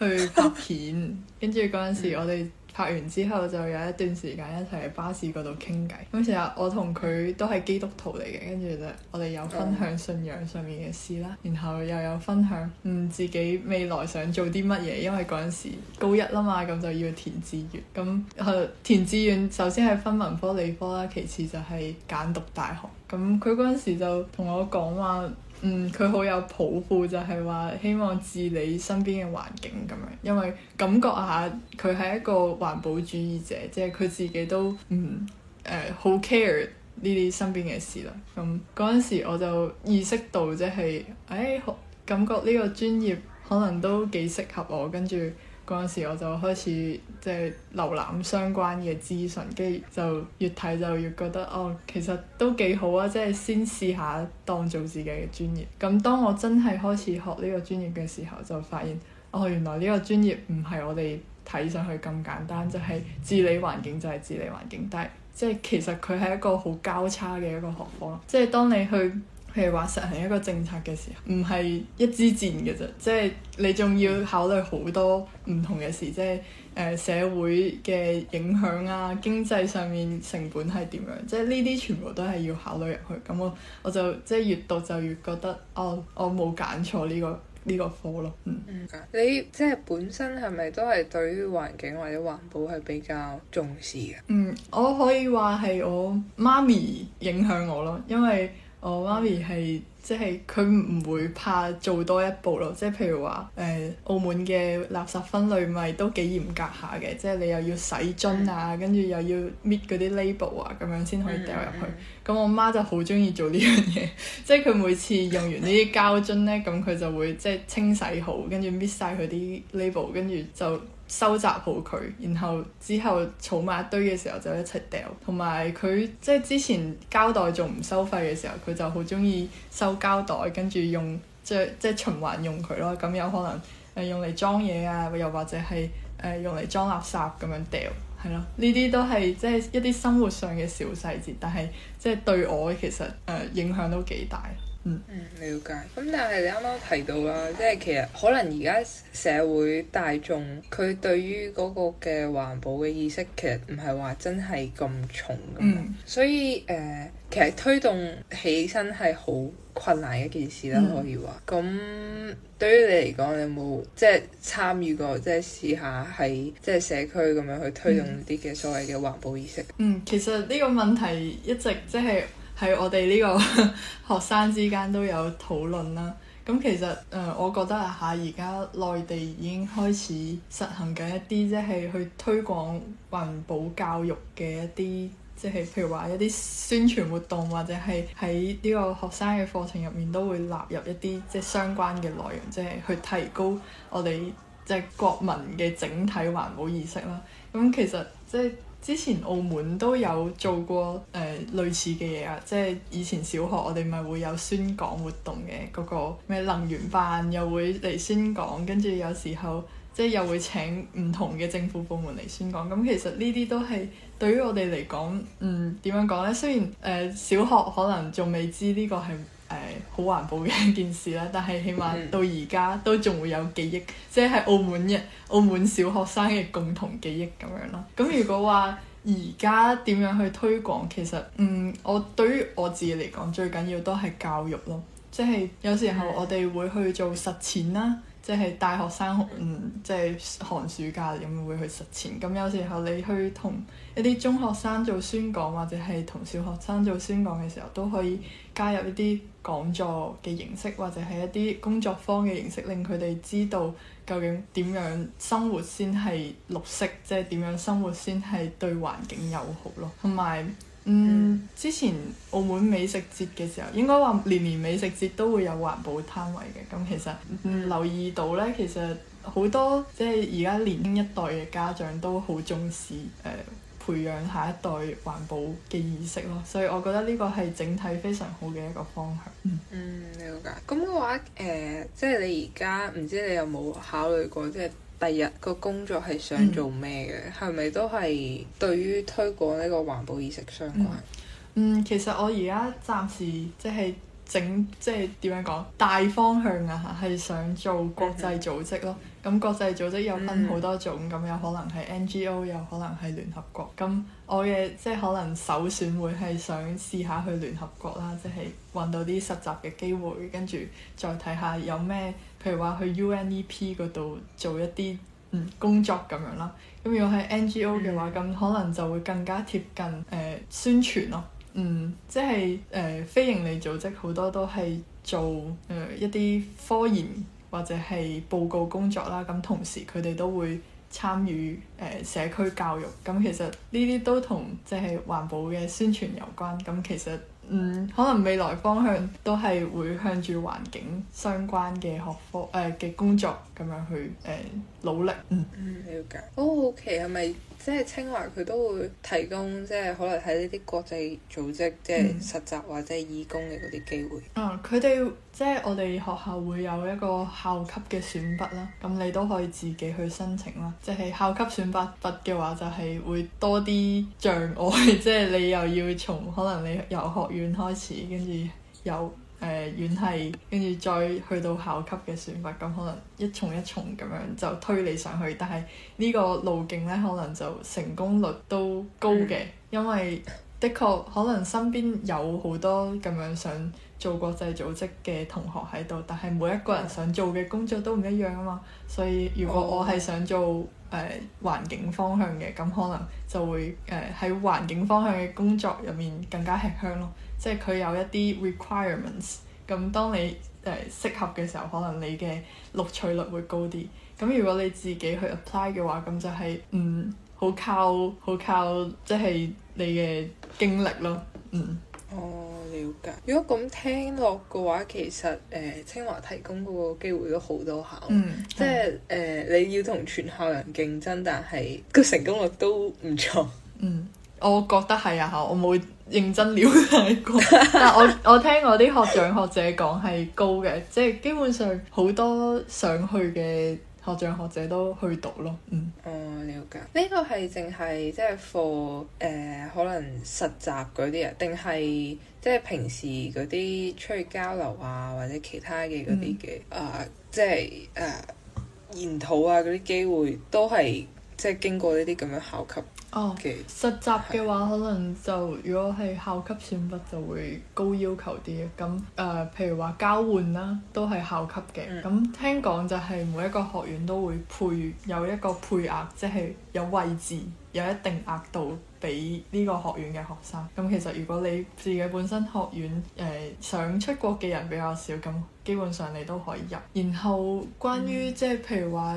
去拍片，跟住嗰陣時我哋、嗯。拍完之後就有一段時間一齊喺巴士嗰度傾偈，咁成日我同佢都係基督徒嚟嘅，跟住就我哋有分享信仰上面嘅事啦，嗯、然後又有分享嗯、呃、自己未來想做啲乜嘢，因為嗰陣時高一啦嘛，咁就要填志願。咁係填志願首先係分文科理科啦，其次就係揀讀大學，咁佢嗰陣時就同我講話、啊。嗯，佢好有抱負，就係話希望治理身邊嘅環境咁樣，因為感覺下佢係一個環保主義者，即係佢自己都嗯誒好 care 呢啲身邊嘅事啦。咁嗰陣時我就意識到，即係誒，感覺呢個專業可能都幾適合我，跟住。嗰陣時我就開始即係瀏覽相關嘅資訊，跟住就越睇就越覺得哦，其實都幾好啊！即係先試下當做自己嘅專業。咁當我真係開始學呢個專業嘅時候，就發現哦，原來呢個專業唔係我哋睇上去咁簡單，就係治理環境就係治理環境，但係即係其實佢係一個好交叉嘅一個學科。即係當你去譬如話實行一個政策嘅時候，唔係一支箭嘅啫，即係你仲要考慮好多唔同嘅事，即係誒、呃、社會嘅影響啊，經濟上面成本係點樣，即係呢啲全部都係要考慮入去。咁我我就即係越讀就越覺得，哦，我冇揀錯呢個呢個科咯。嗯，你即係本身係咪都係對於環境或者環保係比較重視嘅？嗯，我可以話係我媽咪影響我咯，因為。我媽咪係即係佢唔會怕做多一步咯，即係譬如話誒、呃、澳門嘅垃圾分類咪都幾嚴格下嘅，即係你又要洗樽啊，跟住、mm. 又要搣嗰啲 label 啊，咁樣先可以掉入去。咁、mm hmm. 我媽就好中意做呢樣嘢，即係佢每次用完呢啲膠樽呢，咁佢 [LAUGHS] 就會即係清洗好，跟住搣晒佢啲 label，跟住就。收集好佢，然後之後儲埋一堆嘅時候就一齊掉。同埋佢即係之前膠袋仲唔收費嘅時候，佢就好中意收膠袋，跟住用即係循環用佢咯。咁有可能誒用嚟裝嘢啊，又或者係誒用嚟裝垃圾咁樣掉，係咯。呢啲都係即係一啲生活上嘅小細節，但係即係對我其實誒，呃，影響都幾大。嗯，了解。咁但係你啱啱提到啦，即係其實可能而家社會大眾佢對於嗰個嘅環保嘅意識，其實唔係話真係咁重咁。嗯。所以誒、呃，其實推動起身係好困難一件事啦，嗯、可以話。咁對於你嚟講，你有冇即係參與過，即係試下喺即係社區咁樣去推動啲嘅所謂嘅環保意識？嗯，其實呢個問題一直即係。喺我哋呢個 [LAUGHS] 學生之間都有討論啦。咁其實誒、嗯，我覺得嚇，而家內地已經開始實行緊一啲即係去推廣環保教育嘅一啲，即係譬如話一啲宣傳活動，或者係喺呢個學生嘅課程入面都會納入一啲即係相關嘅內容，即係去提高我哋即係國民嘅整體環保意識啦。咁其實即係。就是之前澳門都有做過誒、呃、類似嘅嘢啊，即係以前小學我哋咪會有宣講活動嘅嗰個咩能源辦又會嚟宣講，跟住有時候即係又會請唔同嘅政府部門嚟宣講。咁其實呢啲都係對於我哋嚟講，嗯，點樣講呢？雖然誒、呃、小學可能仲未知呢個係。誒好、uh, 環保嘅一件事啦，但係起碼到而家都仲會有記憶，嗯、即係澳門嘅澳門小學生嘅共同記憶咁樣咯。咁如果話而家點樣去推廣，其實嗯，我對於我自己嚟講最緊要都係教育咯，即係有時候我哋會去做實踐啦。嗯啊即係大學生，嗯，即係寒暑假咁會去實踐。咁有時候你去同一啲中學生做宣講，或者係同小學生做宣講嘅時候，都可以加入一啲講座嘅形式，或者係一啲工作坊嘅形式，令佢哋知道究竟點樣生活先係綠色，即係點樣生活先係對環境友好咯，同埋。嗯，之前澳門美食節嘅時候，應該話年年美食節都會有環保攤位嘅。咁其實、嗯、留意到呢，其實好多即係而家年輕一代嘅家長都好重視誒、呃、培養下一代環保嘅意識咯。所以我覺得呢個係整體非常好嘅一個方向。嗯，瞭解、嗯。咁嘅話誒、呃，即係你而家唔知你有冇考慮過即係。第日個工作係想做咩嘅？係咪、嗯、都係對於推廣呢個環保意識相關？嗯，嗯，其實我而家暫時即係整即係點樣講，大方向啊，係想做國際組織咯。咁、嗯、國際組織有分好多種，咁、嗯、有可能係 NGO，有可能係聯合國。咁我嘅即係可能首選會係想試下去聯合國啦，即係搵到啲實習嘅機會，跟住再睇下有咩。譬如話去 UNEP 嗰度做一啲嗯工作咁樣啦，咁如果喺 NGO 嘅話，咁可能就會更加貼近誒、呃、宣傳咯。嗯，即係誒非營利組織好多都係做誒、呃、一啲科研或者係報告工作啦。咁同時佢哋都會參與誒、呃、社區教育。咁其實呢啲都同即係環保嘅宣傳有關。咁其實。嗯，可能未來方向都係會向住環境相關嘅學科誒嘅、呃、工作咁樣去誒、呃、努力。嗯嗯，瞭解。O K，係咪？即係清華佢都會提供，即係可能喺呢啲國際組織即係實習或者義工嘅嗰啲機會。嗯，佢哋即係我哋學校會有一個校級嘅選拔啦，咁你都可以自己去申請啦。即係校級選拔拔嘅話，就係會多啲障礙，即係你又要從可能你由學院開始，跟住有。誒、呃，院系跟住再去到校級嘅選拔，咁可能一重一重咁樣就推你上去。但係呢個路徑呢，可能就成功率都高嘅，因為的確可能身邊有好多咁樣想做國際組織嘅同學喺度，但係每一個人想做嘅工作都唔一樣啊嘛。所以如果我係想做誒、oh. 呃、環境方向嘅，咁可能就會誒喺、呃、環境方向嘅工作入面更加吃香咯。即係佢有一啲 requirements，咁當你誒、呃、適合嘅時候，可能你嘅錄取率會高啲。咁如果你自己去 apply 嘅話，咁就係、是、嗯，好靠好靠，即係、就是、你嘅經歷咯，嗯。哦，了解。如果咁聽落嘅話，其實誒、呃、清華提供嗰個機會都好多下，即係誒你要同全校人競爭，但係個成功率都唔錯。嗯，我覺得係啊，我冇。認真了解過，但我我聽我啲學長 [LAUGHS] 學姐講係高嘅，即係基本上好多想去嘅學長學姐都去到咯，嗯。哦、嗯，了解。呢、這個係淨係即係 for 誒可能實習嗰啲啊，定係即係平時嗰啲出去交流啊或者其他嘅嗰啲嘅啊，即係誒研討啊嗰啲機會都係即係經過呢啲咁樣考級。哦，oh, Okay. 實習嘅話，Yeah. 可能就如果係校級選拔就會高要求啲，咁誒，譬如話交換啦，都係校級嘅，咁、mm. 聽講就係每一個學院都會配有一個配額，即係。有位置，有一定額度俾呢個學院嘅學生。咁其實如果你自己本身學院誒想出國嘅人比較少，咁基本上你都可以入。然後關於即係譬如話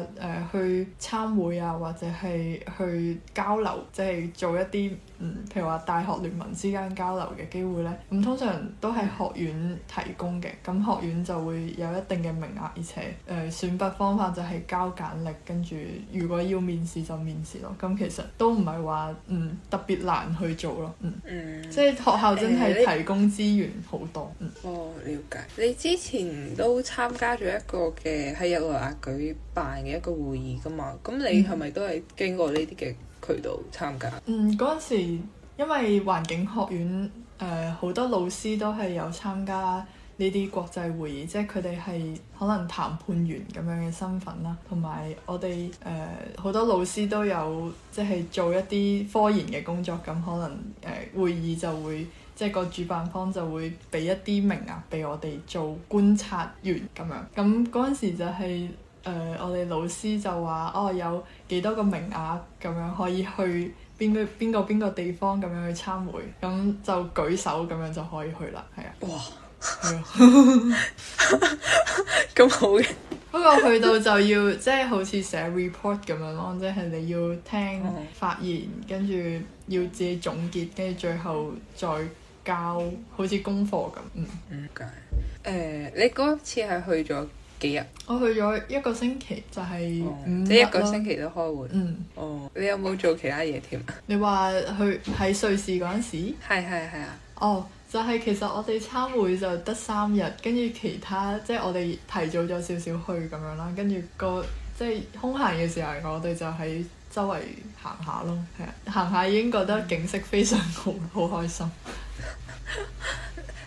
誒去參會啊，或者係去交流，即係做一啲。嗯、譬如話大學聯盟之間交流嘅機會呢，咁通常都係學院提供嘅，咁學院就會有一定嘅名額，而且誒、呃、選拔方法就係交簡歷，跟住如果要面試就面試咯。咁其實都唔係話嗯特別難去做咯，嗯。嗯即係學校真係提供資源好多，嗯欸嗯、哦，了解。你之前都參加咗一個嘅係日內瓦舉辦嘅一個會議㗎嘛？咁你係咪都係經過呢啲嘅？嗯渠道參加。嗯，嗰陣時，因為環境學院誒好、呃、多老師都係有參加呢啲國際會議，即係佢哋係可能談判員咁樣嘅身份啦。同埋我哋誒好多老師都有即係做一啲科研嘅工作，咁可能誒、呃、會議就會即係、就是、個主辦方就會俾一啲名額，俾我哋做觀察員咁樣。咁嗰陣時就係、是。誒、呃，我哋老師就話，哦，有幾多個名額咁樣可以去邊個邊個邊個地方咁樣去參會，咁就舉手咁樣就可以去啦，係啊。哇，咁好嘅。不過去到就要即係好似寫 report 咁樣咯，即係你要聽發言，跟住要自己總結，跟住最後再交，好似功課咁。嗯嗯。誒，你嗰一次係去咗？幾日？我去咗一個星期就，就係五日咯。即係一個星期都開會。嗯，哦，你有冇做其他嘢添？你話去喺瑞士嗰陣時，係係係啊。哦，就係、是、其實我哋參會就得三日，跟住其他即係我哋提早咗少少去咁樣啦。跟住、個即係空閒嘅時候我逛逛，我哋就喺周圍行下咯。係啊，行下已經覺得景色非常好，好開心。 [LAUGHS]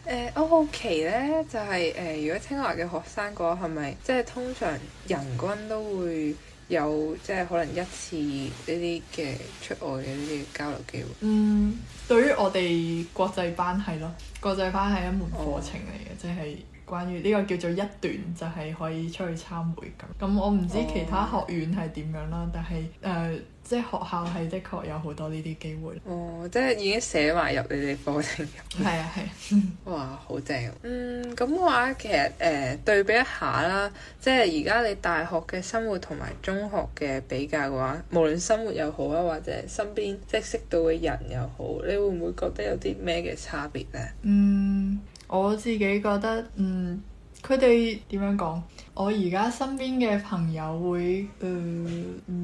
誒，我好奇呢，就係、是、誒、呃，如果清華嘅學生嘅話，係咪即係通常人均都會有即係、就是、可能一次呢啲嘅出外嘅呢啲交流機會？嗯，對於我哋國際班係咯，國際班係一門課程嚟嘅，即係、Oh. 關於呢、這個叫做一段就係可以出去參會咁。咁我唔知其他學院係點樣啦，Oh. 但係誒。Uh, 即係學校係的確有好多呢啲機會。哦，即係已經寫埋入你哋課程入。係啊，係。哇，好正。 [LAUGHS] 嗯，咁話其實誒、呃、對比一下啦，即係而家你大學嘅生活同埋中學嘅比較嘅話，無論生活又好啊，或者身邊即係識到嘅人又好，你會唔會覺得有啲咩嘅差別呢？嗯，我自己覺得，嗯，佢哋點樣講？我而家身邊嘅朋友會，嗯。 [LAUGHS]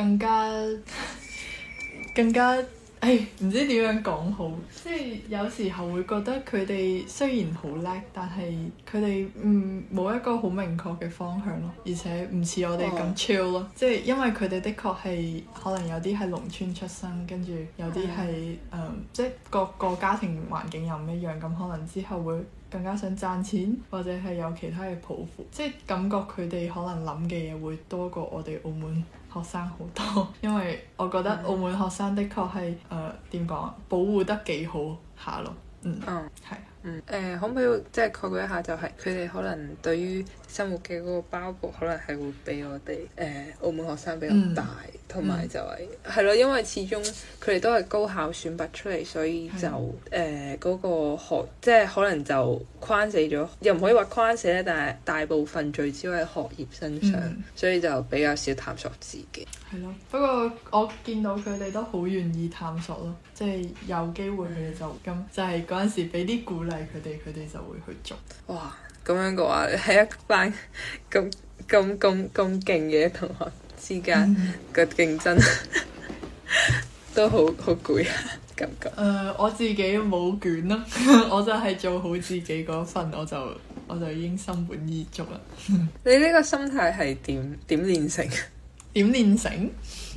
更加更加誒，唔知點樣講好。 [MUSIC] 即係有時候會覺得佢哋雖然好叻，但係佢哋，嗯，冇一個好明確嘅方向咯，而且唔似我哋咁 chill 咯。即係因為佢哋的確係可能有啲係農村出生，跟住有啲係誒，即係各個家庭環境又唔一樣，咁可能之後會更加想賺錢，或者係有其他嘅抱負。即係感覺佢哋可能諗嘅嘢會多過我哋澳門。學生好多，因為我覺得澳門學生的確係誒點講，保護得幾好下咯，Hello，嗯，係，誒可唔可以即係概括一下，就係，就係佢哋可能對於。生活嘅嗰個包袱可能係會比我哋誒、呃、澳門學生比較大，同埋、嗯、就係係咯，因為始終佢哋都係高考選拔出嚟，所以就誒嗰、嗯呃嗰個學即係可能就框死咗，又唔可以話框死咧，但係大部分聚焦喺學業身上，嗯、所以就比較少探索自己。係咯，不過我見到佢哋都好願意探索咯，即、就、係、是、有機會佢哋就咁、嗯、就係嗰陣時俾啲鼓勵佢哋，佢哋就會去做。哇！咁樣嘅話，喺一班咁咁咁咁勁嘅同學之間嘅競爭、嗯， [LAUGHS] 都好好攰啊感覺。誒、呃，我自己冇卷咯， [LAUGHS] 我就係做好自己嗰份，我就我就已經心滿意足啦。 [LAUGHS] 你呢個心態係點點練成？點練成？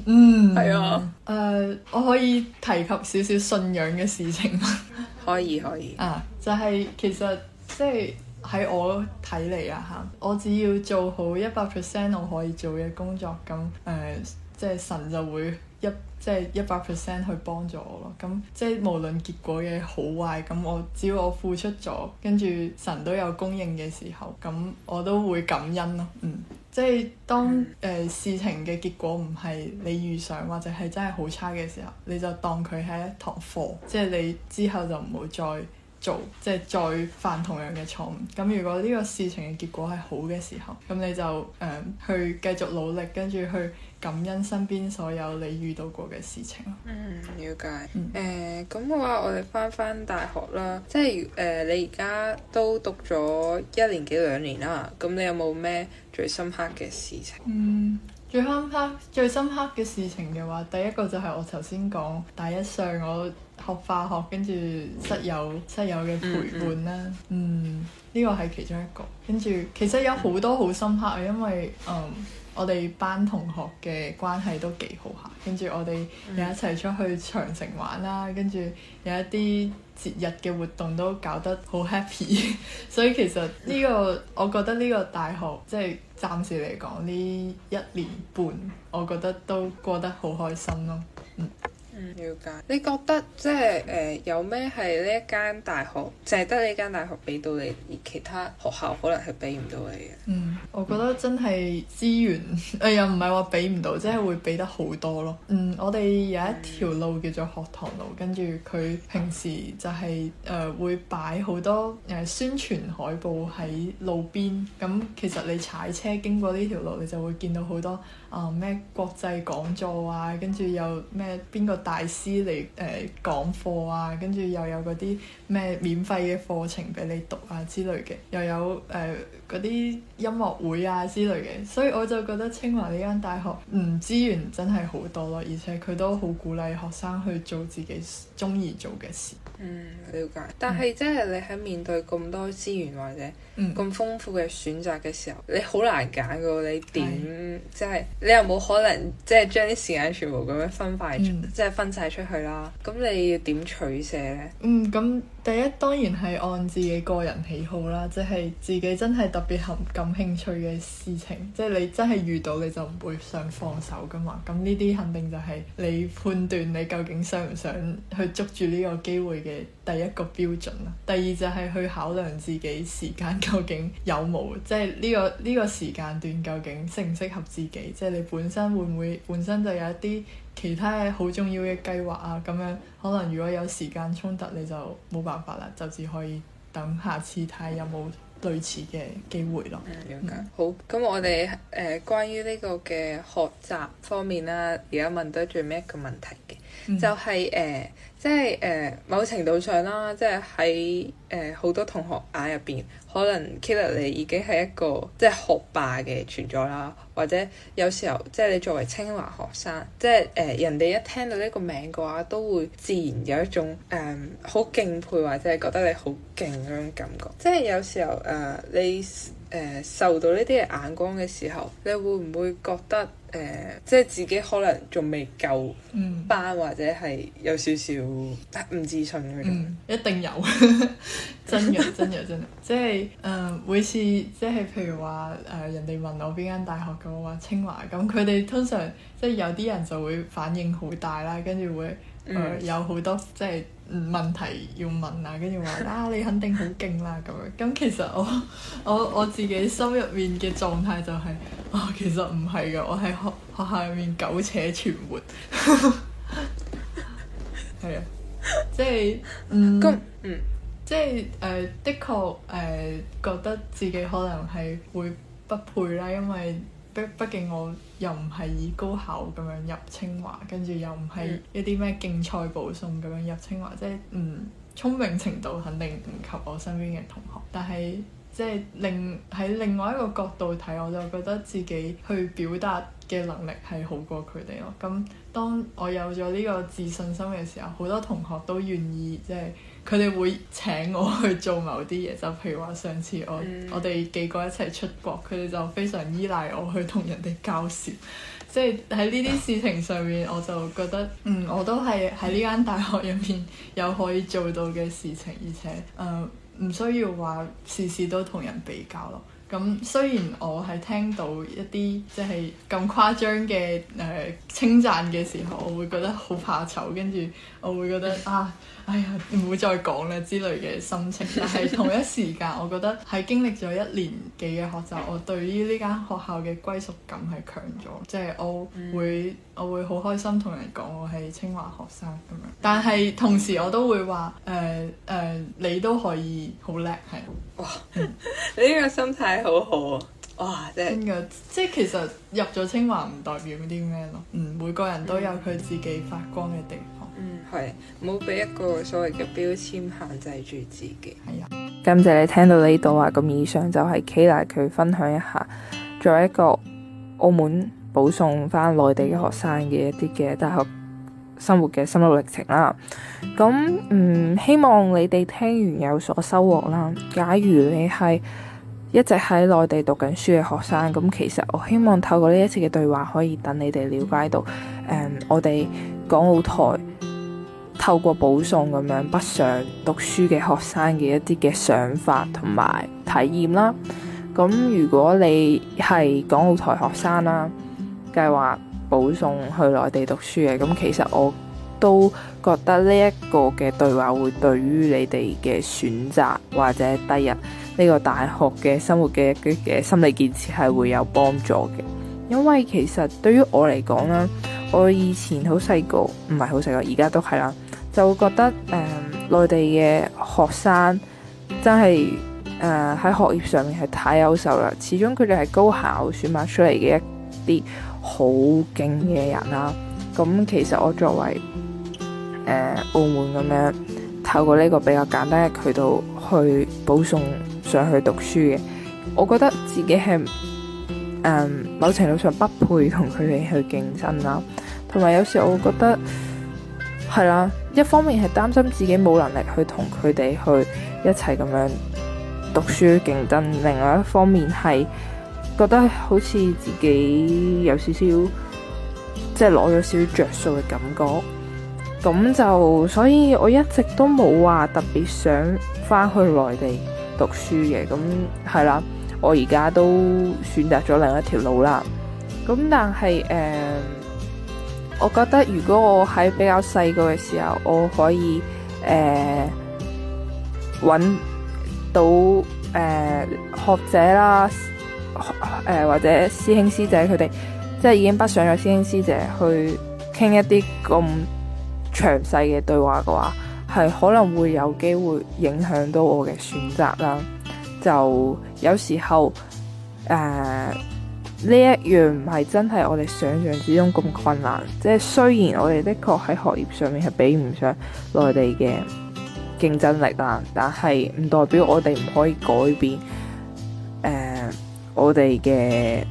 嗯，係啊。誒、呃，我可以提及少少信仰嘅事情嗎？可 [LAUGHS] 以可以。可以啊，就係、是、其實即係。喺我睇嚟啊吓，我只要做好一百 percent 我可以做嘅工作，咁誒、呃、即係神就會一即係一百 percent 去幫助我咯。咁即係無論結果嘅好壞，咁我只要我付出咗，跟住神都有供應嘅時候，咁我都會感恩咯。嗯，即係當誒、呃、事情嘅結果唔係你預想或者係真係好差嘅時候，你就當佢係一堂課，即係你之後就唔會再。做即係再犯同樣嘅錯誤。咁如果呢個事情嘅結果係好嘅時候，咁你就誒、呃、去繼續努力，跟住去感恩身邊所有你遇到過嘅事情咯。嗯，了解。誒咁嘅話，我哋返返大學啦，即係誒、呃、你而家都讀咗一年幾兩年啦。咁你有冇咩最深刻嘅事情？嗯，最，最深刻、最深刻嘅事情嘅話，第一個就係我頭先講大一上我學化學，跟住室友室友嘅陪伴啦，嗯，嗯，呢個係其中一個。跟住其實有好多好深刻啊，因為嗯，我哋班同學嘅關係都幾好下。跟住我哋有一齊出去長城玩啦，跟住有一啲節日嘅活動都搞得好 happy。 [LAUGHS] 所以其實呢個我覺得呢個大學即係暫時嚟講呢一年半，我覺得都過得好開心咯，嗯。嗯，瞭解。你覺得即係誒、呃、有咩係呢一間大學，淨係得呢間大學俾到你，而其他學校可能係俾唔到你嘅？嗯，我覺得真係資源，誒又唔係話俾唔到，即係會俾得好多咯。嗯，我哋有一條路叫做學堂路，嗯、跟住佢平時就係、是、誒、呃、會擺好多誒宣傳海報喺路邊。咁其實你踩車經過呢條路，你就會見到好多。啊咩，嗯、國際講座啊，跟住又咩邊個大師嚟誒、呃、講課啊，跟住又有嗰啲咩免費嘅課程俾你讀啊之類嘅，又有誒嗰啲音樂會啊之類嘅，所以我就覺得清華呢間大學唔資源真係好多咯，而且佢都好鼓勵學生去做自己中意做嘅事。嗯，了解。但係即係你喺面對咁多資源或者咁豐富嘅選擇嘅時候，嗯、你好難揀噶喎。你點即係你又冇可能即係將啲時間全部咁樣分晒，即係、嗯、分晒出去啦。咁你要點取捨呢？嗯，咁。第一當然係按自己個人喜好啦，即係自己真係特別含感興趣嘅事情，即係你真係遇到你就唔會想放手噶嘛。咁呢啲肯定就係你判斷你究竟想唔想去捉住呢個機會嘅第一個標準啦。第二就係去考量自己時間究竟有冇，即係呢個呢個時間段究竟適唔適合自己，即係你本身會唔會本身就有一啲。其他嘅好重要嘅計劃啊，咁樣可能如果有時間衝突你就冇辦法啦，就只可以等下次睇有冇類似嘅機會咯。瞭、嗯、解，嗯、好，咁我哋誒、呃、關於呢個嘅學習方面啦，而家問得最咩嘅個問題嘅？就係、是、誒、呃，即係誒、呃，某程度上啦，即係喺誒好多同學眼入邊，可能 Kayla 已經係一個即係學霸嘅存在啦，或者有時候即係你作為清華學生，即係誒、呃、人哋一聽到呢個名嘅話，都會自然有一種誒好、呃、敬佩或者係覺得你好勁嗰種感覺。即係有時候誒、呃，你誒、呃、受到呢啲嘅眼光嘅時候，你會唔會覺得？誒、呃，即係自己可能仲未夠班，嗯、或者係有少少唔自信嗰種，一定有， [LAUGHS] 真嘅的 [LAUGHS] 真嘅真嘅。即係誒、呃，每次即係譬如話誒、呃，人哋問我邊間大學咁，我話清華咁，佢哋通常即係有啲人就會反應好大啦，跟住會誒、呃嗯、有好多即係。問題要問啊，跟住話啊，你肯定好勁啦咁樣。咁其實我我我自己心入面嘅狀態就係、是，啊、哦、其實唔係嘅，我喺學學校入面苟且存活。係 [LAUGHS] 啊， [LAUGHS] [LAUGHS] 即係嗯 Good. 即係誒、呃，的確誒、呃，覺得自己可能係會不配啦，因為畢畢竟我。又唔係以高考咁樣入清華，跟住又唔係一啲咩競賽保送咁樣入清華，即係唔、嗯，聰明程度肯定唔及我身邊嘅同學，但係即係另喺另外一個角度睇，我就覺得自己去表達嘅能力係好過佢哋咯。咁當我有咗呢個自信心嘅時候，好多同學都願意即係。佢哋會請我去做某啲嘢，就譬如話上次我、嗯、我哋幾個一齊出國，佢哋就非常依賴我去同人哋交涉，即係喺呢啲事情上面，我就覺得嗯，我都係喺呢間大學入面有可以做到嘅事情，而且誒、呃、唔需要話事事都同人比較咯。咁雖然我係聽到一啲即係咁誇張嘅誒稱讚嘅時候，我會覺得好怕醜，跟住我會覺得 [LAUGHS] 啊，哎呀唔會再講咧之類嘅心情。但係同一時間，我覺得喺經歷咗一年幾嘅學習，我對於呢間學校嘅歸屬感係強咗，即係我會、嗯、我會好開心同人講我係清華學生咁樣。但係同時我都會話誒誒，你都可以好叻，係哇，嗯、 [LAUGHS] 你呢個心態～好好、啊、哇！真噶，即係其實入咗清華唔代表啲咩咯。嗯，每個人都有佢自己發光嘅地方。嗯，係唔好俾一個所謂嘅標籤限制住自己。係啊的，感謝你聽到呢度啊。咁以上就係 Kayla 佢分享一下作為一個澳門保送返內地嘅學生嘅一啲嘅大學生活嘅心路歷程啦。咁嗯，希望你哋聽完有所收穫啦。假如你係。一直喺內地讀緊書嘅學生，咁其實我希望透過呢一次嘅對話，可以等你哋了解到，誒、嗯，我哋港澳台透過保送咁樣北上讀書嘅學生嘅一啲嘅想法同埋體驗啦。咁如果你係港澳台學生啦，計劃保送去內地讀書嘅，咁其實我都覺得呢一個嘅對話會對於你哋嘅選擇或者第日。呢個大學嘅生活嘅嘅心理建設係會有幫助嘅，因為其實對於我嚟講啦，我以前好細個，唔係好細個，而家都係啦，就會覺得誒內地嘅學生真係誒喺學業上面係太優秀啦，始終佢哋係高考選拔出嚟嘅一啲好勁嘅人啦。咁其實我作為誒、呃、澳門咁樣，透過呢個比較簡單嘅渠道去保送。想去讀書嘅，我覺得自己係誒、呃、某程度上不配同佢哋去競爭啦。同埋有，有時我覺得係啦，一方面係擔心自己冇能力去同佢哋去一齊咁樣讀書競爭，另外一方面係覺得好似自己有少少即係攞咗少少着數嘅感覺。咁就所以我一直都冇話特別想翻去內地讀書嘅，咁係啦，我而家都選擇咗另一條路啦。咁但係誒、呃，我覺得如果我喺比較細個嘅時候，我可以誒搵、呃、到誒、呃、學者啦，誒、呃、或者師兄師姐佢哋，即係已經畢業咗師兄師姐去傾一啲咁詳細嘅對話嘅話。係可能會有機會影響到我嘅選擇啦，就有時候誒呢、呃、一樣唔係真係我哋想像之中咁困難。即係雖然我哋的確喺學業上面係比唔上內地嘅競爭力啦，但係唔代表我哋唔可以改變誒我哋嘅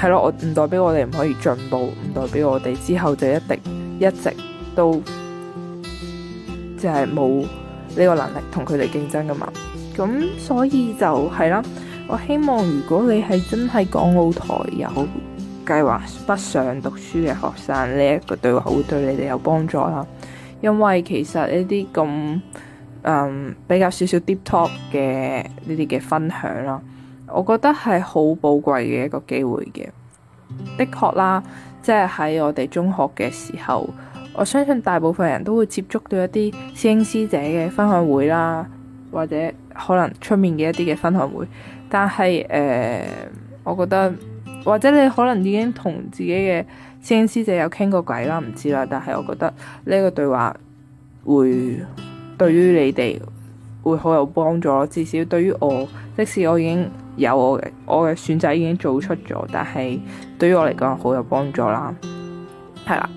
係咯，我唔代表我哋唔可以進步，唔代表我哋之後就一定一直都，就係冇呢個能力同佢哋競爭㗎嘛，咁所以就係啦。我希望如果你係真係港澳台有計劃北上讀書嘅學生，呢一個對話會對你哋有幫助啦。因為其實呢啲咁誒比較少少 deep talk 嘅呢啲嘅分享啦，我覺得係好寶貴嘅一個機會嘅。的確啦，即係喺我哋中學嘅時候。我相信大部分人都會接觸到一啲師兄師姐嘅分享會啦，或者可能出面嘅一啲嘅分享會。但係誒、呃，我覺得或者你可能已經同自己嘅師兄師姐有傾過偈啦，唔知啦。但係我覺得呢個對話會對於你哋會好有幫助囉。至少對於我，即使我已經有我嘅我嘅選擇已經做出咗，但係對於我嚟講好有幫助啦。係啦。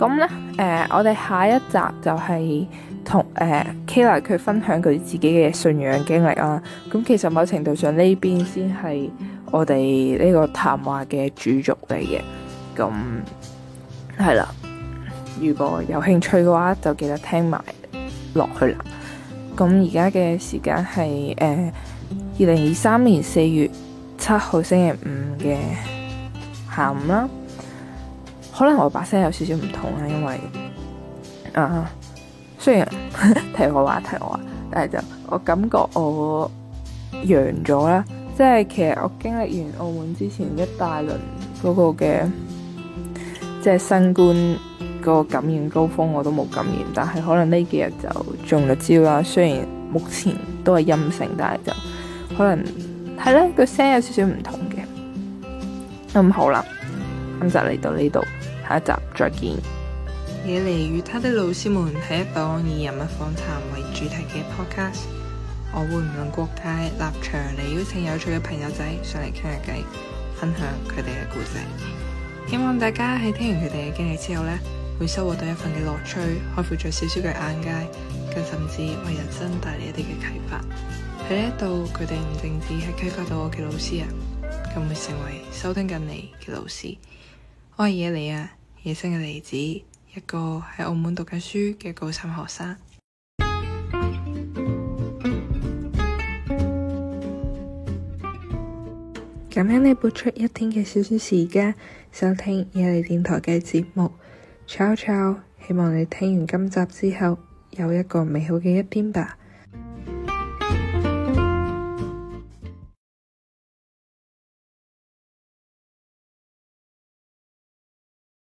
咁咧，誒、呃，我哋下一集就係同誒 Kayla 佢分享佢自己嘅信仰經歷啊。咁、嗯、其實某程度上呢邊先係我哋呢個談話嘅主軸嚟嘅。咁係啦，如果有興趣嘅話，就記得聽埋落去啦。咁而家嘅時間係誒二零二三年四月七號星期五嘅下午啦。可能我把聲有少少唔同啦，因為啊，雖然 [LAUGHS] 提我話提我話，但係就我感覺我陽咗啦，即係其實我經歷完澳門之前一大輪嗰個嘅即係新冠嗰個感染高峰，我都冇感染，但係可能呢幾日就中咗招啦。雖然目前都係陰性，但係就可能係咧個聲有少少唔同嘅咁、嗯、好啦，咁就嚟到呢度。下一集再見。野梨與他的老師們係一檔以人物訪談為主題嘅 podcast，我會唔論國界立場嚟邀請有趣嘅朋友仔上嚟傾下偈，分享佢哋嘅故事。希望大家喺聽完佢哋嘅經歷之後呢，會收穫到一份嘅樂趣，開闊咗少少嘅眼界，更甚至為人生帶嚟一啲嘅啟發。喺呢一度，佢哋唔淨止係啟發到我嘅老師啊，更會成為收聽緊你嘅老師。我係野梨啊。野生嘅梨子，一個喺澳門讀緊書嘅高三學生。感恩你撥出一天嘅小小時間，收聽野梨電台嘅節目，Ciao ciao，希望你聽完今集之後，有一個美好嘅一天吧。